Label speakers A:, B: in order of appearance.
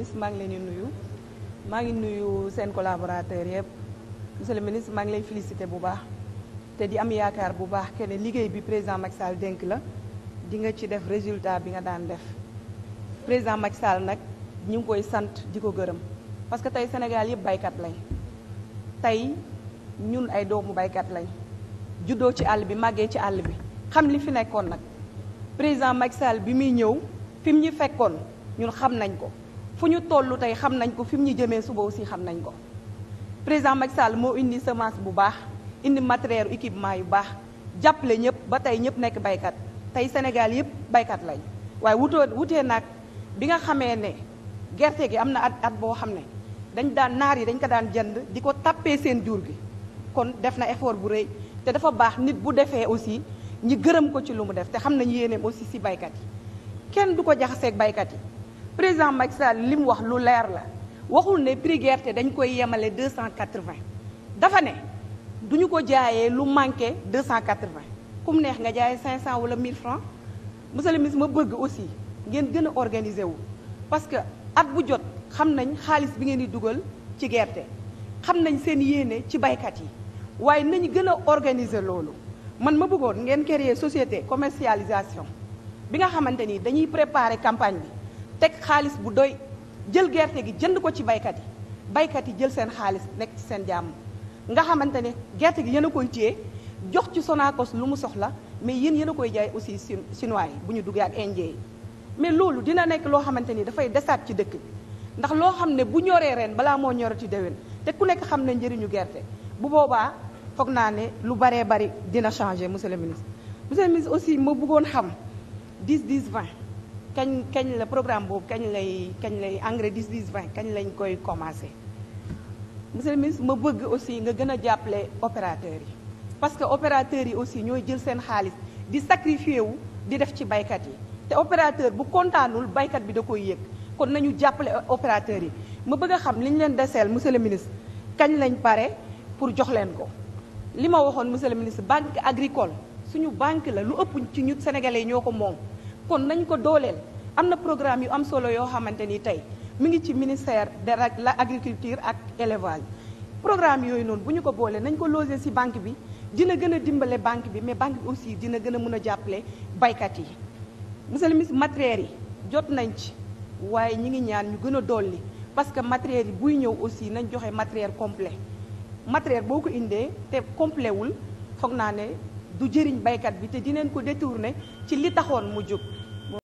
A: ministre maa ngi leen di nuyu maa ngi nuyu seen collaborateur yëpp monsieur le ministre maa ngi lay félicité bu baax te di am yaakaar bu baax que liggéey bi président Macky Sall dénk la di nga ci def résultat bi nga daan def président Macky Sall nag ñu ngi koy sant di ko gërëm parce que tey Sénégal yëpp baykat lañ tey ñun ay doomu baykat lañ juddoo ci àll bi màggee ci àll bi xam li fi nekkoon nag président Macky Sall bi muy ñëw fi ñu fekkoon ñun xam nañ ko fu ñu toll tey xam nañ ko fi mu ñu jëmee suba aussi xam nañ ko président Macky Sall moo indi semence bu baax indi matériel équipement yu baax jàppale ñëpp ba tey ñëpp nekk baykat tey Sénégal yëpp baykat lañ waaye wutoo wutee nag bi nga xamee ne gerte gi am na at at boo xam ne dañ daan naar yi dañ ko daan jënd di ko tappee seen jur gi kon def na effort bu rëy te dafa baax nit bu defee aussi ñi gërëm ko ci lu mu def te xam nañu yéeneem aussi si baykat yi kenn du ko jaxaseeg baykat yi président Macky Sall li mu wax lu leer la waxul ne prix gerte dañ koy yemale deux cent quatre-vingt dafa ne du ñu ko jaayee lu manqué deux cent quatre-vingt ku neex nga jaayee cinq cent wala mille francs monsieur le ministre ma bëgg aussi ngeen gën a organiser wu parce que at bu jot xam nañ xaalis bi ngeen di dugal ci gerte xam nañ seen yéene ci baykat yi waaye nañu gën a organiser loolu man ma bëggoon ngeen créer société commercialisation bi nga xamante ni dañuy préparer campagne bi teg xaalis bu doy jël gerte gi jënd ko ci baykat yi baykat yi jël seen xaalis nekk ci seen jàmm nga xamante ne gerte gi yéen a koy téye jox ci Sonacos lu mu soxla mais yéen yéen koy jaay aussi chinois yi bu ñu duggee ak indien mais loolu dina nekk loo xamante ni dafay desaat ci dëkk ndax loo xam ne bu ñoree ren balaa moo ñorati déwén te ku nekk xam ne njëriñu gerte bu boobaa foog naa ne lu baree bari dina changer monsieur le ministre monsieur le ministre aussi ma bëggoon xam 10 10 20 kañ kañ la programme boobu kañ lay kañ lay engrais dis 10 20 kañ lañ koy commencé monsieur le ministre ma bëgg aussi nga gën a jàppale opérateurs yi parce que opérateurs yi aussi ñooy jël seen xaalis di sacrifier wu di def ci baykat yi te opérateur bu kontaanul baykat bi da koy yëg kon nañu jàppale opérateurs yi ma bëgg a xam li ñu leen deseel monsieur le ministre kañ lañ pare pour jox leen ko li ma waxoon monsieur le ministre banque agricole suñu banque la lu ëpp ci ñu sénégalais ñoo ko moom kon nañ ko dooleel am na programme yu am solo yoo xamante ni tey mu ngi ci ministère de la agriculture ak élevage programme yooyu noonu bu ñu ko boolee nañ ko logé ci banque bi dina gën a dimbale banque bi mais banque bi aussi dina gën a mën a jàppale baykat yi monsieur le ministre matériels yi jot nañ ci waaye ñi ngi ñaan ñu gën a dolli parce que matériels yi buy ñëw aussi nañ joxe matériel complet matériel boo ko indee te complet wul foog naa ne du jëriñ baykat bi te dineen ko détourné ci li taxoon mu jóg